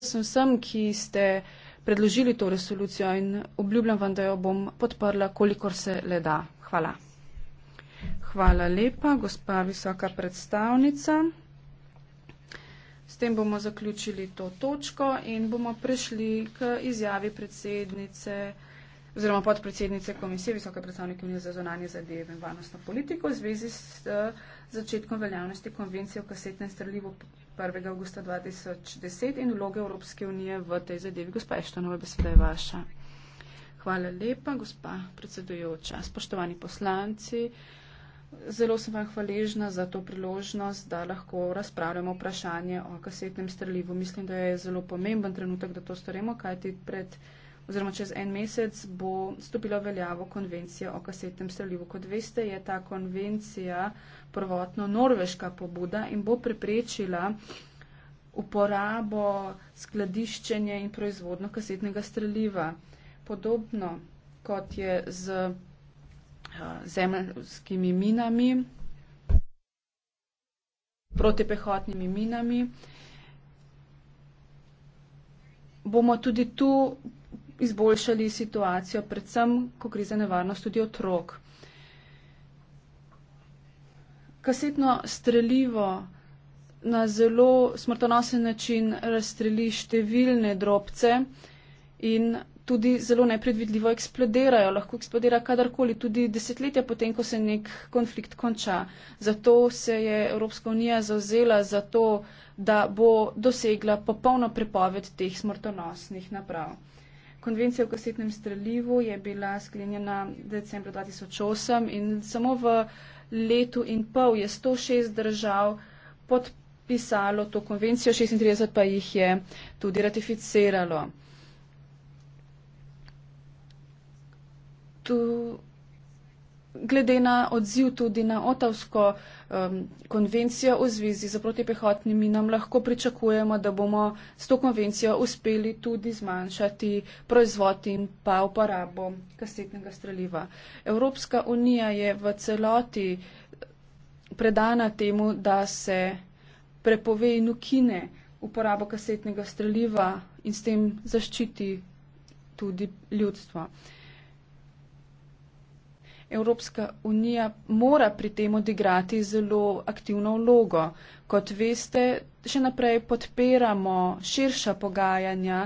sem vsem, ki ste predložili to resolucijo in obljubljam vam, da jo bom podprla, kolikor se le da. Hvala. Hvala lepa, gospa visoka predstavnica. S tem bomo zaključili to točko in bomo prešli k izjavi predsednice oziroma podpredsednice komisije Visoke predstavnike Unije za zonanje zadeve in varnostno politiko v zvezi s eh, začetkom veljavnosti konvencije o kasetnem strelivu 1. augusta 2010 in vloge Evropske unije v tej zadevi. Gospa Eštonova, beseda je vaša. Hvala lepa, gospa predsedujoča. Spoštovani poslanci, zelo sem vam hvaležna za to priložnost, da lahko razpravljamo vprašanje o kasetnem strelivu. Mislim, da je zelo pomemben trenutek, da to storemo, kajti pred oziroma čez en mesec bo stopila veljavo konvencija o kasetnem strelivu. Kot veste, je ta konvencija prvotno norveška pobuda in bo preprečila uporabo, skladiščenje in proizvodno kasetnega streliva. Podobno kot je z eh, zemljskimi minami, protipehotnimi minami, bomo tudi tu izboljšali situacijo, predvsem, ko gre za nevarnost tudi otrok. Kasetno strelivo na zelo smrtonosen način razstreli številne drobce in tudi zelo nepredvidljivo eksplodirajo. Lahko eksplodira kadarkoli, tudi desetletja potem, ko se nek konflikt konča. Zato se je Evropska unija zauzela za to, da bo dosegla popolno prepoved teh smrtonosnih naprav. Konvencija o kasetnem streljivu je bila sklenjena decembra 2008 in samo v letu in pol je 106 držav podpisalo to konvencijo, 36 pa jih je tudi ratificiralo. Tu glede na odziv tudi na Otavsko um, konvencijo v zvezi z protipehotnimi, nam lahko pričakujemo, da bomo s to konvencijo uspeli tudi zmanjšati proizvod in pa uporabo kasetnega streljiva. Evropska unija je v celoti predana temu, da se prepove in ukine uporabo kasetnega streljiva in s tem zaščiti tudi ljudstvo. Evropska unija mora pri tem odigrati zelo aktivno vlogo. Kot veste, še naprej podpiramo širša pogajanja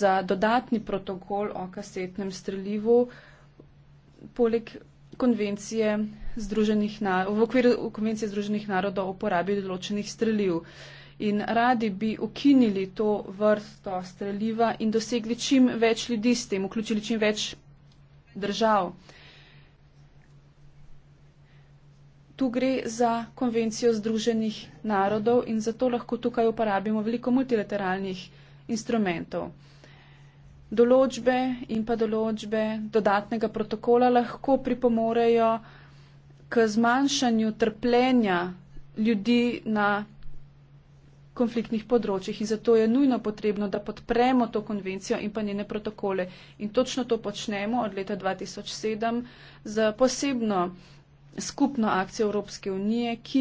za dodatni protokol o kasetnem streljivu poleg konvencije Združenih narodov, v okviru konvencije Združenih narodov o uporabi določenih streljiv. In radi bi ukinili to vrsto streljiva in dosegli čim več ljudi s tem, vključili čim več držav. Uh, tu gre za konvencijo Združenih narodov in zato lahko tukaj uporabimo veliko multilateralnih instrumentov. Določbe in pa določbe dodatnega protokola lahko pripomorejo k zmanjšanju trpljenja ljudi na konfliktnih področjih in zato je nujno potrebno, da podpremo to konvencijo in pa njene protokole. In točno to počnemo od leta 2007 z posebno skupno akcijo Evropske unije, ki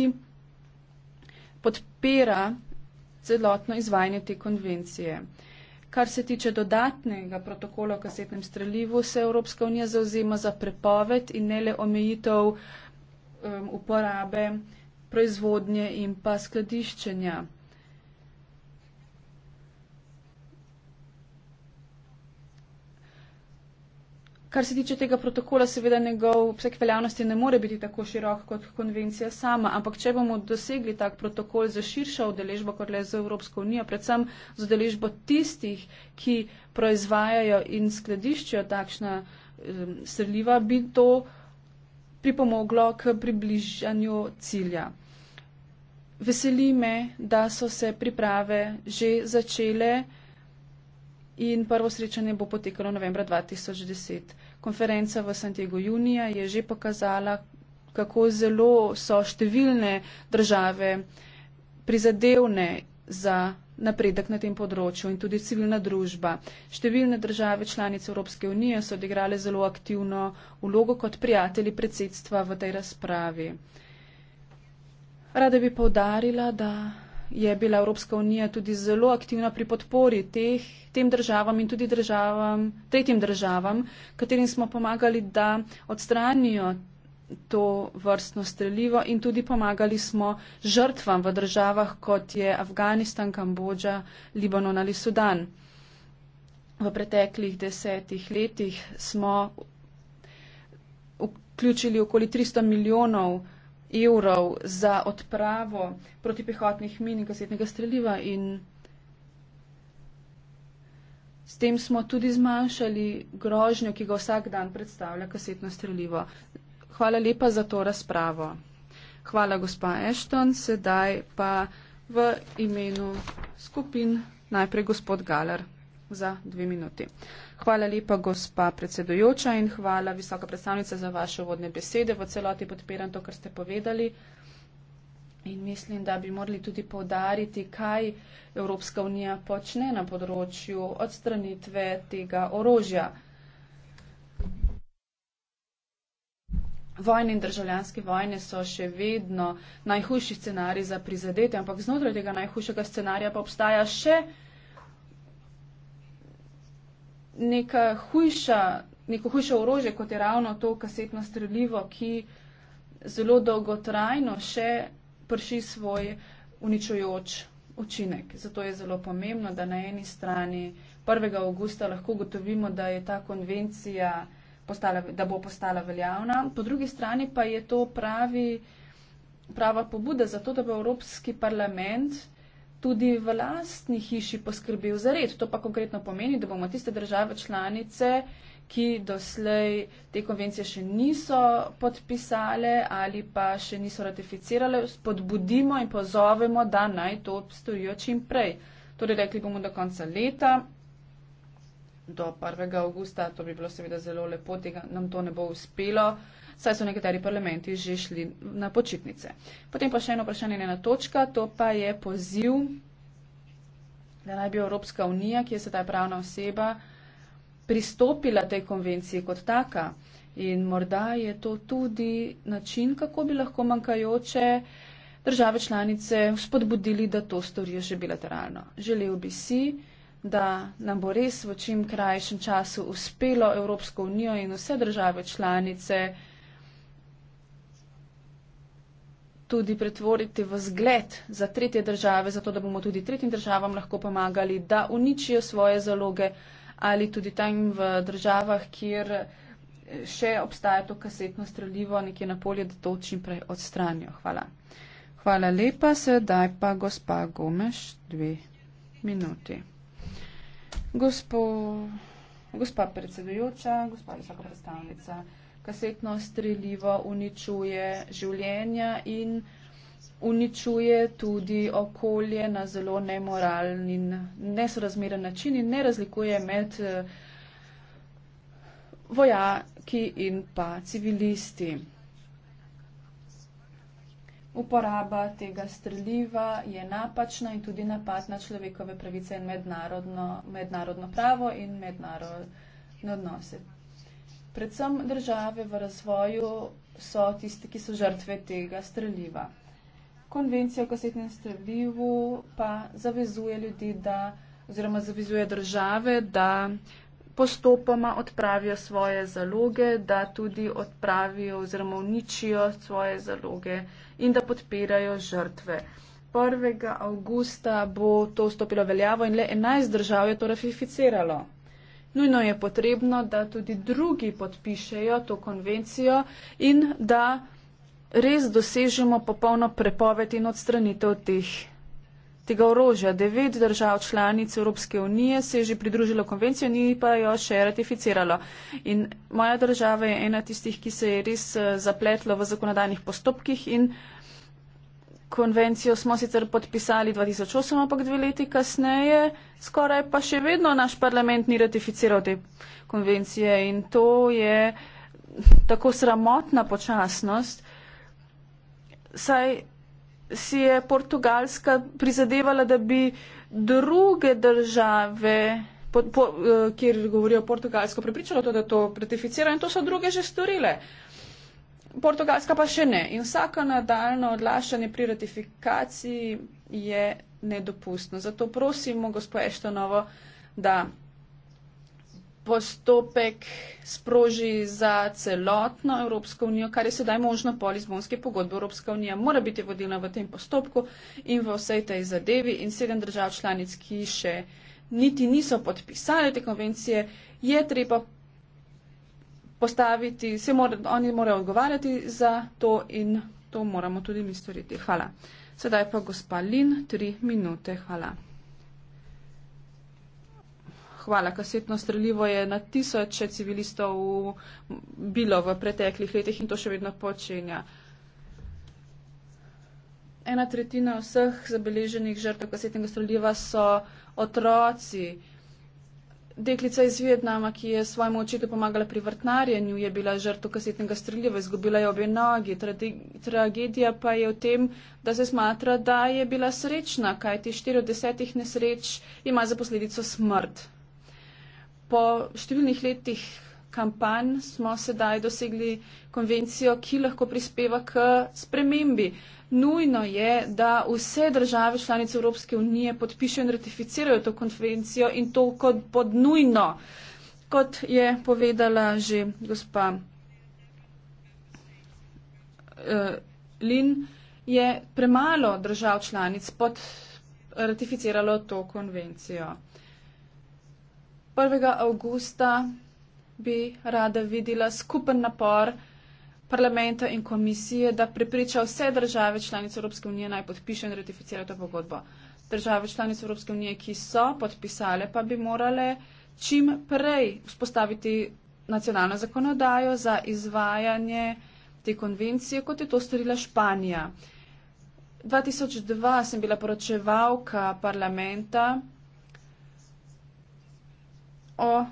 podpira celotno izvajanje te konvencije. Kar se tiče dodatnega protokola o kasetnem streljivu, se Evropska unija zauzema za prepoved in ne le omejitev um, uporabe proizvodnje in pa skladiščenja kar se tiče tega protokola, seveda njegov obseg veljavnosti ne more biti tako širok kot konvencija sama, ampak če bomo dosegli tak protokol za širšo udeležbo, kot le za Evropsko unijo, predvsem za udeležbo tistih, ki proizvajajo in skladiščijo takšna um, srljiva, bi to pripomoglo k približanju cilja. Veseli me, da so se priprave že začele in prvo srečanje bo potekalo novembra 2010. Konferenca v Santiago junija je že pokazala, kako zelo so številne države prizadevne za napredek na tem področju in tudi civilna družba. Številne države članice Evropske unije so odigrale zelo aktivno vlogo kot prijatelji predsedstva v tej razpravi. Rada bi povdarila, da je bila Evropska unija tudi zelo aktivna pri podpori teh, tem državam in tudi državam, tretjim državam, katerim smo pomagali, da odstranijo to vrstno streljivo in tudi pomagali smo žrtvam v državah, kot je Afganistan, Kambodža, Libanon ali Sudan. V preteklih desetih letih smo vključili okoli 300 milijonov evrov za odpravo protipehotnih min in kasetnega streljiva in s tem smo tudi zmanjšali grožnjo, ki ga vsak dan predstavlja kasetno streljivo. Hvala lepa za to razpravo. Hvala, gospa Ešton. Sedaj pa v imenu skupin najprej gospod Galar za dve minuti. Hvala lepa, gospa predsedujoča in hvala visoka predstavnica za vaše vodne besede. V celoti podpiram to, kar ste povedali. In mislim, da bi morali tudi povdariti, kaj Evropska unija počne na področju odstranitve tega orožja. Vojne in državljanske vojne so še vedno najhujši scenarij za prizadete, ampak znotraj tega najhujšega scenarija pa obstaja še neka hujša, neko hujše orožje, kot je ravno to kasetno streljivo, ki zelo dolgotrajno še prši svoj uničujoč učinek. Zato je zelo pomembno, da na eni strani 1. augusta lahko gotovimo, da je ta konvencija postala, da bo postala veljavna, po drugi strani pa je to pravi, prava pobuda za to, da bo Evropski parlament tudi v lastni hiši poskrbel za red. To pa konkretno pomeni, da bomo tiste države članice, ki doslej te konvencije še niso podpisale ali pa še niso ratificirale, spodbudimo in pozovemo, da naj to obstorijo čim prej. Torej, rekli bomo do konca leta, do 1. avgusta, to bi bilo seveda zelo lepo, tega nam to ne bo uspelo, saj so nekateri parlamenti že šli na počitnice. Potem pa še eno vprašanje, ena točka, to pa je poziv, da naj bi Evropska unija, ki je sedaj pravna oseba, pristopila tej konvenciji kot taka. In morda je to tudi način, kako bi lahko manjkajoče države članice spodbudili, da to storijo že bilateralno. Želel bi si, da nam bo res v čim krajšem času uspelo Evropsko unijo in vse države članice tudi pretvoriti v zgled za tretje države, zato da bomo tudi tretjim državam lahko pomagali, da uničijo svoje zaloge ali tudi tam v državah, kjer še obstaja to kasetno streljivo nekje na polje, da to čim prej odstranijo. Hvala. Hvala lepa, sedaj pa gospa Gomeš, dve minuti gospo, gospa predsedujoča, gospa visoka predstavnica, kasetno streljivo uničuje življenja in uničuje tudi okolje na zelo nemoralni in nesorazmeren način in ne razlikuje med eh, vojaki in pa civilisti uporaba tega streljiva je napačna in tudi napad na človekove pravice in mednarodno, mednarodno pravo in mednarodne odnose. Predvsem države v razvoju so tiste, ki so žrtve tega streljiva. Konvencija o kasetnem streljivu pa zavezuje ljudi, da, oziroma zavezuje države, da postopoma odpravijo svoje zaloge, da tudi odpravijo oziroma uničijo svoje zaloge in da podpirajo žrtve. 1. avgusta bo to vstopilo veljavo in le 11 držav je to ratificiralo. Nujno je potrebno, da tudi drugi podpišejo to konvencijo in da res dosežemo popolno prepoved in odstranitev teh tega orožja. Devet držav članic Evropske unije se je že pridružilo konvencijo, ni pa jo še ratificiralo. In moja država je ena tistih, ki se je res eh, zapletla v zakonodajnih postopkih in konvencijo smo sicer podpisali 2008, ampak dve leti kasneje skoraj pa še vedno naš parlament ni ratificiral te konvencije in to je tako sramotna počasnost. Saj si je Portugalska prizadevala, da bi druge države, po, po, eh, kjer govorijo portugalsko, pripričalo to, da to ratificira in to so druge že storile. Portugalska pa še ne. In vsako nadaljno odlašanje pri ratifikaciji je nedopustno. Zato prosimo gospod Eštonovo, da postopek sproži za celotno Evropsko unijo, kar je sedaj možno po Lizbonski pogodbi. Evropska unija mora biti vodilna v tem postopku in v vsej tej zadevi in sedem držav članic, ki še niti niso podpisali te konvencije, je treba postaviti, se mora, oni morajo odgovarjati za to in to moramo tudi mi storiti. Hvala. Sedaj pa gospa Lin, tri minute. Hvala hvala. Kasetno streljivo je na tisoče civilistov bilo v preteklih letih in to še vedno počenja. Ena tretjina vseh zabeleženih žrtev kasetnega streljiva so otroci. Deklica iz Vietnama, ki je svojemu očetu pomagala pri vrtnarjenju, je bila žrtev kasetnega streljiva, izgubila je obe nogi. Tragedija pa je v tem, da se smatra, da je bila srečna, kajti 4 od 10 nesreč ima za posledico smrt. Po številnih letih kampanj smo sedaj dosegli konvencijo, ki lahko prispeva k spremembi. Nujno je, da vse države članice Evropske unije podpišejo in ratificirajo to konvencijo in to kot podnujno, kot je povedala že gospa uh, Lin, je premalo držav članic pod ratificiralo to konvencijo. 1. avgusta bi rada videla skupen napor parlamenta in komisije, da prepriča vse države članice Evropske unije naj podpiše in ratificira to pogodbo. Države članice Evropske unije, ki so podpisale, pa bi morale čim prej vzpostaviti nacionalno zakonodajo za izvajanje te konvencije, kot je to storila Španija. 2002 sem bila poročevalka parlamenta o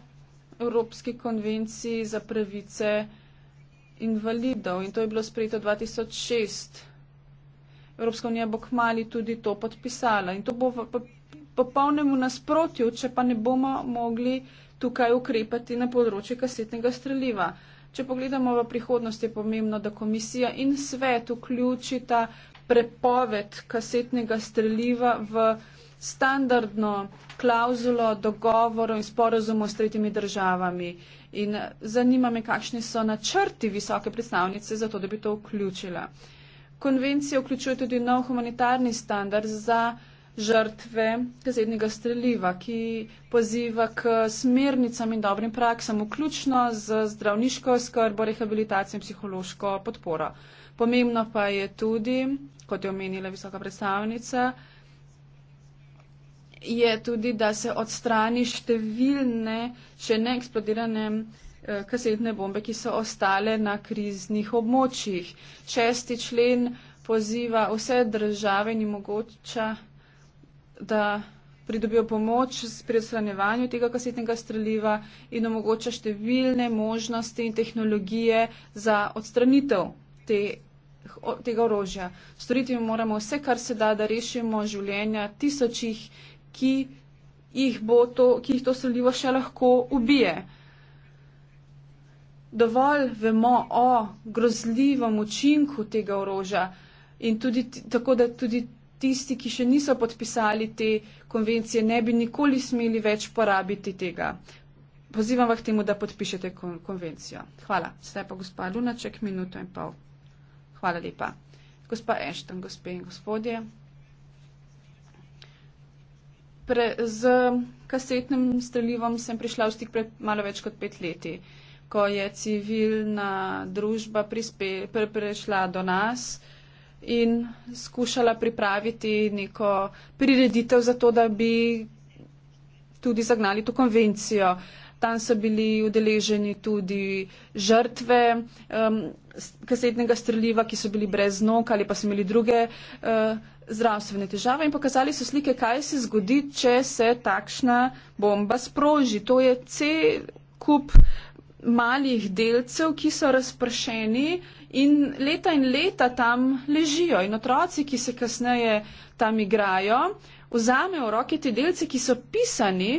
Evropski konvenciji za pravice invalidov in to je bilo sprejeto 2006. Evropska unija bo kmali tudi to podpisala in to bo v popolnemu nasprotju, če pa ne bomo mogli tukaj ukrepati na področju kasetnega streljiva. Če pogledamo v prihodnost, je pomembno, da komisija in svet vključita prepoved kasetnega streljiva v standardno klauzulo dogovorov in sporozumov s tretjimi državami. In eh, zanima me, kakšni so načrti visoke predstavnice za to, da bi to vključila. Konvencija vključuje tudi nov humanitarni standard za žrtve kazetnega streljiva, ki poziva k smernicam in dobrim praksam, vključno z zdravniško skrbo, rehabilitacijo in psihološko podporo. Pomembno pa je tudi, kot je omenila visoka predstavnica, je tudi, da se odstrani številne še neeksplodirane eh, kasetne bombe, ki so ostale na kriznih območjih. Šesti člen poziva vse države in mogoča, da pridobijo pomoč pri odstranjevanju tega kasetnega streljiva in omogoča številne možnosti in tehnologije za odstranitev te, tega orožja. Storiti moramo vse, kar se da, da rešimo življenja tisočih ki jih, to, ki jih to sledivo še lahko ubije. Dovolj vemo o grozljivem učinku tega orožja in tudi tako, da tudi tisti, ki še niso podpisali te konvencije, ne bi nikoli smeli več porabiti tega. Pozivam vas k temu, da podpišete kon konvencijo. Hvala. Sedaj pa gospa Lunaček, minuto in pol. Hvala lepa. Gospa Ešton, gospe in gospodje pre, z kasetnim streljivom sem prišla v stik pred malo več kot pet leti, ko je civilna družba prispe, pre, prešla do nas in skušala pripraviti neko prireditev za to, da bi tudi zagnali to konvencijo. Uh, tam so bili udeleženi tudi žrtve um, kasetnega streljiva, ki so bili brez nog ali pa so imeli druge uh, zdravstvene težave in pokazali so slike, kaj se zgodi, če se takšna bomba sproži. To je cel kup malih delcev, ki so razpršeni in leta in leta tam ležijo in otroci, ki se kasneje tam igrajo, vzamejo v roke te delce, ki so pisani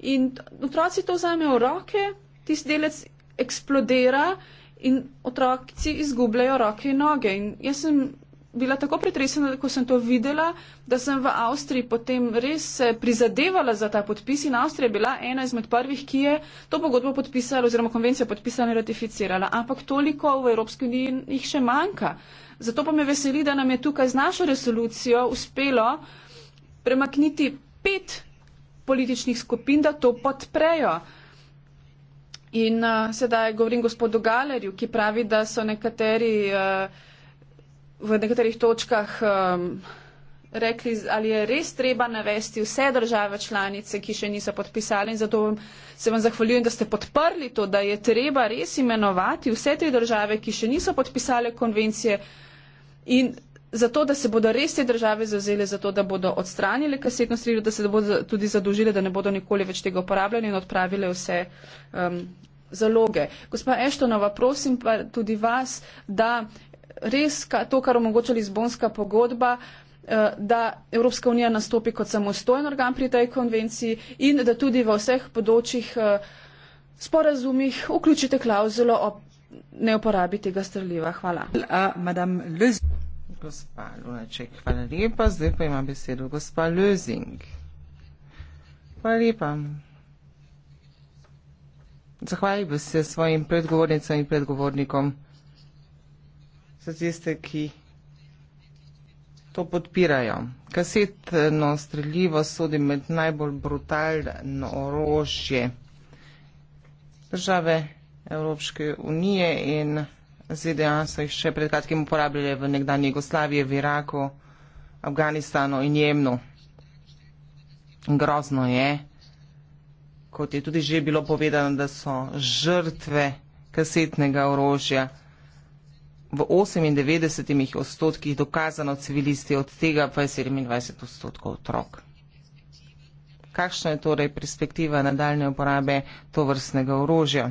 In otroci to vzamejo v roke, tisti delec eksplodira in otroci izgubljajo roke in noge. In jaz sem bila tako pretresena, ko sem to videla, da sem v Avstriji potem res se prizadevala za ta podpis in Avstrija je bila ena izmed prvih, ki je to pogodbo podpisala oziroma konvencijo podpisala in ratificirala. Ampak toliko v Evropski uniji jih še manjka. Zato pa me veseli, da nam je tukaj z našo resolucijo uspelo premakniti pet političnih skupin, da to podprejo. In uh, sedaj govorim gospodu Galerju, ki pravi, da so nekateri uh, v nekaterih točkah um, rekli, ali je res treba navesti vse države članice, ki še niso podpisali in zato se vam zahvaljujem, da ste podprli to, da je treba res imenovati vse te države, ki še niso podpisali konvencije in zato, da se bodo res te države zauzeli, zato, da bodo odstranili kasetno strelo, da se bodo tudi zadužili, da ne bodo nikoli več tega uporabljali in odpravili vse um, zaloge. Gospa Eštonova, prosim pa tudi vas, da res ka, to, kar omogoča Lizbonska pogodba, uh, da Evropska unija nastopi kot samostojen organ pri tej konvenciji in da tudi v vseh področjih uh, sporazumih vključite klauzulo o neuporabi tega streljiva. Hvala. Uh, Gospa Lunaček, hvala lepa. Zdaj pa ima besedo gospa Lözing. Hvala lepa. Zahvali bi se svojim predgovornicam in predgovornikom, za tiste, ki to podpirajo. Kasetno streljivo sodi med najbolj brutalno orožje države Evropske unije in. ZDA so jih še pred kratkim uporabljali v nekdanji Jugoslaviji, v Iraku, Afganistanu in Jemnu. Grozno je, kot je tudi že bilo povedano, da so žrtve kasetnega orožja v 98 odstotkih dokazano civilisti, od tega pa je 27 odstotkov otrok. Kakšna je torej perspektiva nadaljne uporabe to vrstnega orožja?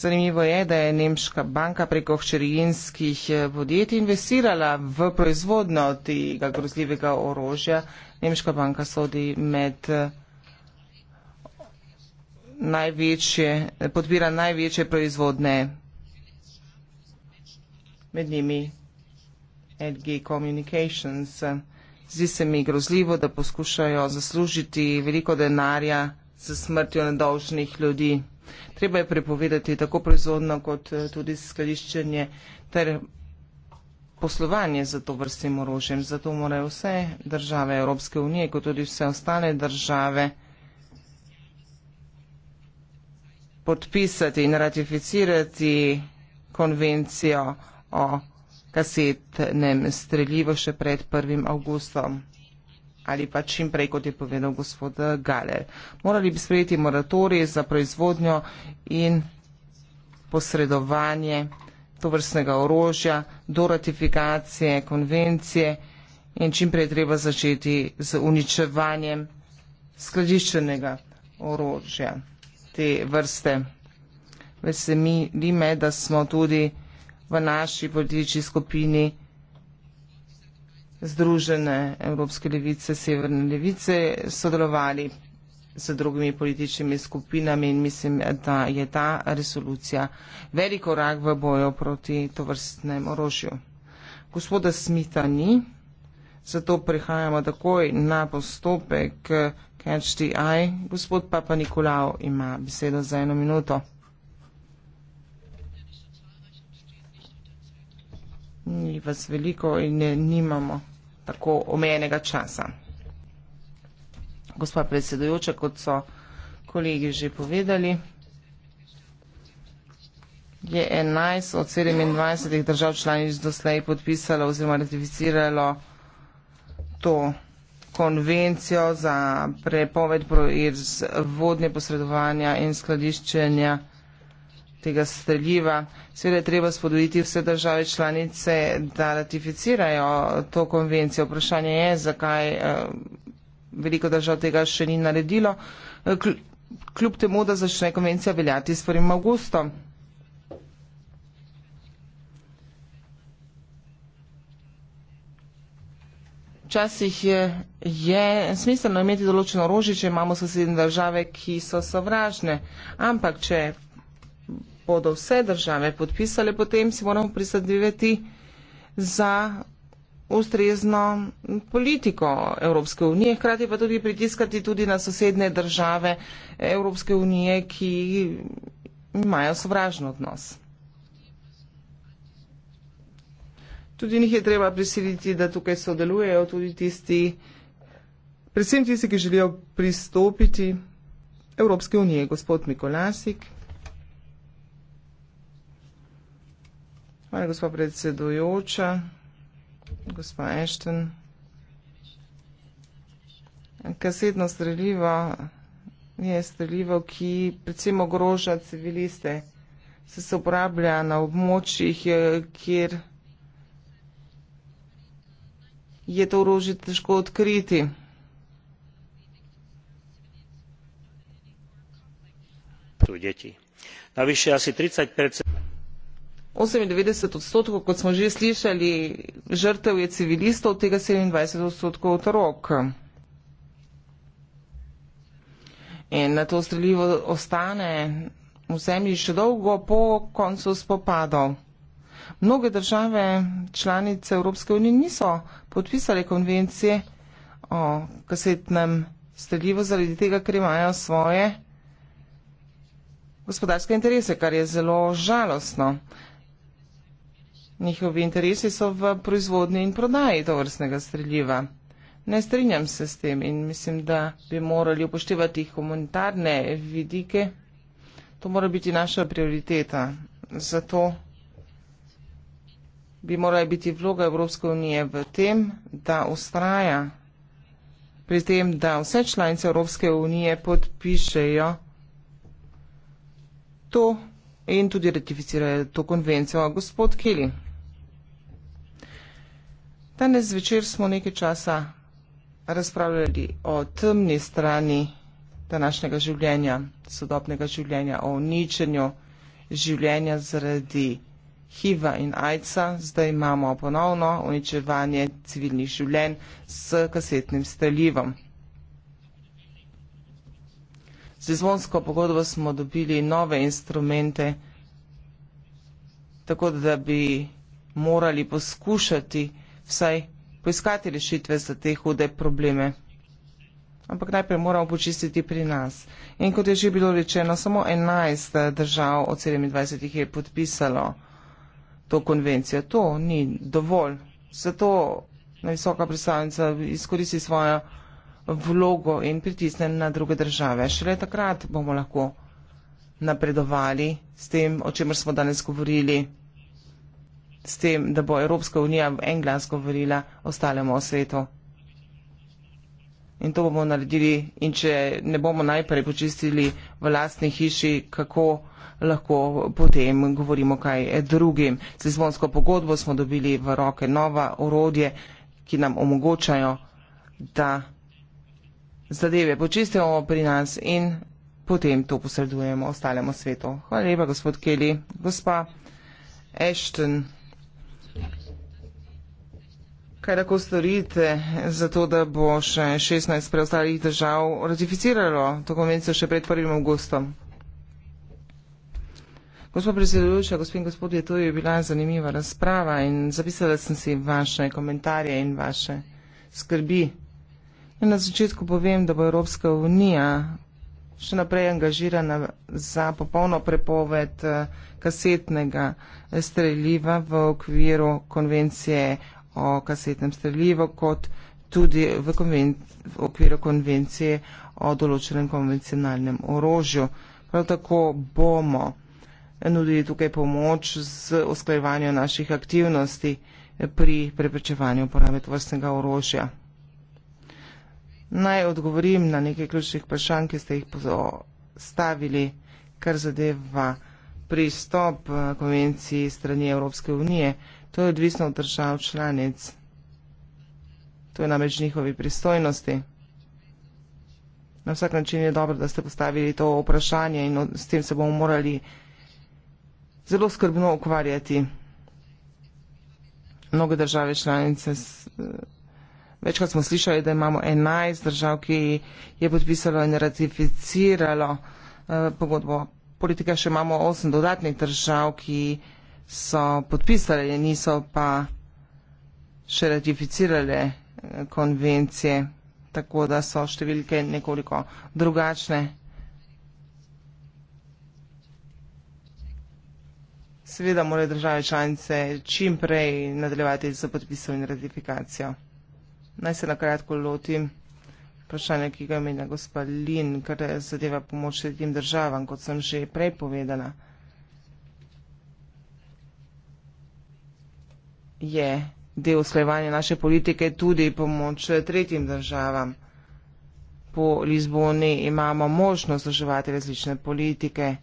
Zanimivo je, da je nemška banka preko hčerijinskih eh, podjetij investirala v proizvodno tega grozljivega orožja. Nemška banka sodi med eh, največje, podpira največje proizvodne med njimi LG Communications. Zdi se mi grozljivo, da poskušajo zaslužiti veliko denarja za smrtjo nedolžnih ljudi. Treba je prepovedati tako proizvodno kot eh, tudi skladiščenje ter poslovanje za to vrstnim orožjem. Zato morajo vse države Evropske unije, kot tudi vse ostale države, podpisati in ratificirati konvencijo o kasetnem streljivo še pred 1. avgustom ali pa čim prej, kot je povedal gospod eh, Galer. Morali bi sprejeti moratorij za proizvodnjo in posredovanje tovrstnega orožja do ratifikacije konvencije in čim prej treba začeti z uničevanjem skladiščenega orožja te vrste. Veselime, da smo tudi v naši politični skupini Združene Evropske levice, Severne levice sodelovali s drugimi političnimi skupinami in mislim, da je ta resolucija velik korak v boju proti tovrstnem orožju. Gospoda Smita ni, zato prihajamo takoj na postopek Catch the Eye. Gospod Papa Nikolao ima besedo za eno minuto. Ni vas veliko in ne, nimamo tako omejenega časa. Gospod predsedujoča, kot so kolegi že povedali, je 11 od 27 držav članic doslej podpisalo oziroma ratificiralo to konvencijo za prepoved projekt vodne posredovanja in skladiščenja tega streljiva. Sveda je treba spodbuditi vse države članice, da ratificirajo to konvencijo. Vprašanje je, zakaj eh, veliko držav tega še ni naredilo, eh, kljub temu, da začne konvencija veljati s 1. augustom. Včasih je, je smiselno imeti določeno orožje, če imamo sosednje države, ki so sovražne. Ampak, če bodo vse države podpisale, potem si moramo prizadeveti za ustrezno politiko Evropske unije, hkrati pa tudi pritiskati tudi na sosedne države Evropske unije, ki imajo sovražen odnos. Tudi njih je treba prisiliti, da tukaj sodelujejo tudi tisti, predvsem tisti, ki želijo pristopiti Evropske unije, gospod Mikolasik. Hvala, gospa predsedujoča. Gospa Ešten. Kasetno streljivo je streljivo, ki predvsem ogroža civiliste. Se se uporablja na območjih, eh, kjer je to orožje težko odkriti. Navyše asi 30 98 odstotkov, kot smo že slišali, žrtev je civilistov, tega 27 odstotkov otrok. In na to streljivo ostane v zemlji še dolgo po koncu spopadov. Mnoge države članice Evropske unije niso podpisale konvencije o kasetnem streljivu zaradi tega, ker imajo svoje gospodarske interese, kar je zelo žalostno. Njihovi interesi so v proizvodni in prodaji to vrstnega streljiva. Ne strinjam se s tem in mislim, da bi morali upoštevati humanitarne vidike. To mora biti naša prioriteta. Zato bi morala biti vloga Evropske unije v tem, da ustraja pri tem, da vse članice Evropske unije podpišejo to in tudi ratificirajo to konvencijo. Gospod Kelly. Danes zvečer smo nekaj časa razpravljali o temni strani današnjega življenja, sodobnega življenja, o uničenju življenja zaradi HIV-a in AIDS-a. Zdaj imamo ponovno uničevanje civilnih življenj s kasetnim streljivom. Z zvonsko pogodbo smo dobili nove instrumente, tako da bi morali poskušati vsaj poiskati rešitve za te hude probleme. Ampak najprej moramo počistiti pri nas. In kot je že bilo rečeno, samo 11 eh, držav od 27 je podpisalo to konvencijo. To ni dovolj. Zato na visoka predstavnica izkoristi svojo vlogo in pritisne na druge države. Šele takrat bomo lahko napredovali s tem, o čemer smo danes govorili s tem, da bo Evropska unija en glas govorila ostalemu svetu. In to bomo naredili. In če ne bomo najprej počistili v lastni hiši, kako lahko potem govorimo kaj drugim. Z izvonsko pogodbo smo dobili v roke nova orodje, ki nam omogočajo, da zadeve počistimo pri nas in potem to posredujemo ostalemu svetu. Hvala lepa, gospod Kelly. Gospa Ashton. Kaj lahko storite za to, da bo še 16 preostalih držav ratificiralo to konvencijo še pred 1. augustom? Gospod predsedujoča, gospod in gospodje, to je bila zanimiva razprava in zapisala sem si vaše komentarje in vaše skrbi. In na začetku povem, da bo Evropska unija še naprej angažirana za popolno prepoved eh, kasetnega streljiva v okviru konvencije o kasetnem strelivu, kot tudi v, konvenc v okviru konvencije o določenem konvencionalnem orožju. Prav tako bomo nudili tukaj pomoč z usklajevanjem naših aktivnosti pri preprečevanju uporabe tovrstnega orožja. Naj odgovorim na nekaj ključnih vprašanj, ki ste jih postavili, kar zadeva pristop eh, konvenciji strani Evropske unije. To je odvisno od držav članic. To je namreč njihovi pristojnosti. Na vsak način je dobro, da ste postavili to vprašanje in s tem se bomo morali zelo skrbno ukvarjati. Mnoge države članice, eh, večkrat smo slišali, da imamo 11 držav, ki je podpisalo in ratificiralo eh, pogodbo. Politika še imamo 8 dodatnih držav, ki so podpisale, niso pa še ratificirale eh, konvencije, tako da so številke nekoliko drugačne. Seveda morajo države članice čim prej nadaljevati z podpisom in ratifikacijo. Naj se na kratko lotim vprašanja, ki ga je imela gospa Lin, kar zadeva pomoč tem državam, kot sem že prej povedala. je del usklajevanja naše politike tudi pomoč tretjim državam. Po Lizboni imamo možnost zaževati različne politike.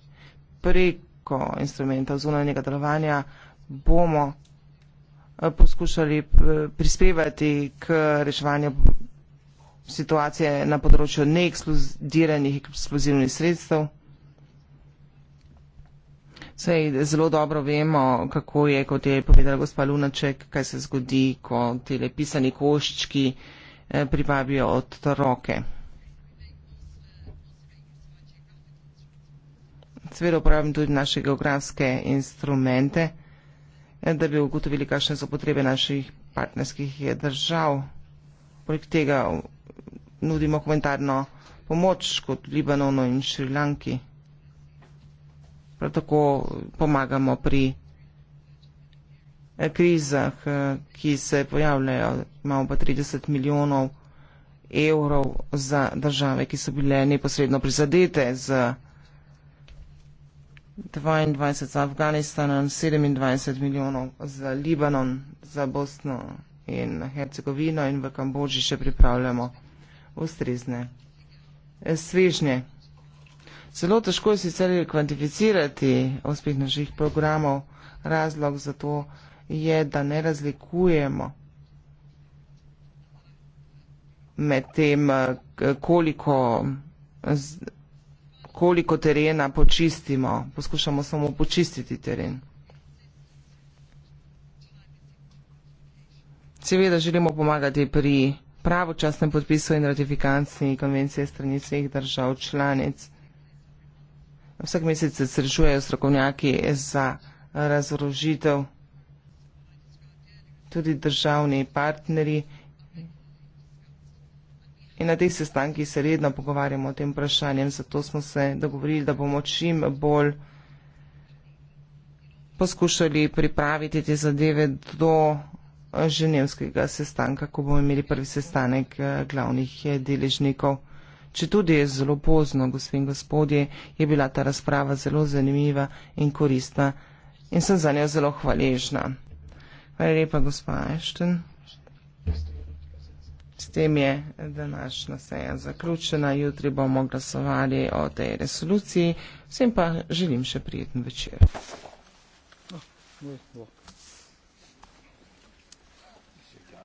Preko instrumenta zunanjega delovanja bomo eh, poskušali eh, prispevati k reševanju situacije na področju neeksplodiranih eksplozivnih sredstev. Sej, zelo dobro vemo, kako je, kot je povedala gospa Lunaček, kaj se zgodi, ko ti lepisani koščki eh, pribabijo od roke. Sveda uporabim tudi naše geografske instrumente, eh, da bi ugotovili, kakšne so potrebe naših partnerskih eh, držav. Poleg tega mm, nudimo komentarno pomoč kot Libanonu in Šrilanki prav tako pomagamo pri eh, krizah, eh, ki se pojavljajo. Imamo pa 30 milijonov evrov za države, ki so bile neposredno prizadete z 22 za Afganistan, 27 milijonov za Libanon, za Bosno in Hercegovino in v Kambodži še pripravljamo ustrezne eh, svežnje. Zelo težko je sicer kvantificirati uspeh naših programov. Razlog za to je, da ne razlikujemo med tem, eh, koliko, koliko terena počistimo. Poskušamo samo počistiti teren. Seveda želimo pomagati pri pravočasnem podpisu in ratifikanci konvencije strani vseh držav članic vsak mesec se srečujejo strokovnjaki za razorožitev, tudi državni partnerji. In na teh sestankih se redno pogovarjamo o tem vprašanjem, zato smo se dogovorili, da bomo čim bolj poskušali pripraviti te zadeve do ženevskega sestanka, ko bomo imeli prvi sestanek eh, glavnih eh, deležnikov. Če tudi je zelo pozno, gospod in gospodje, je bila ta razprava zelo zanimiva in koristna in sem za njo zelo hvaležna. Hvala lepa, gospa Ešten. S tem je današnja seja zaključena. Jutri bomo glasovali o tej resoluciji. Vsem pa želim še prijeten večer. Oh,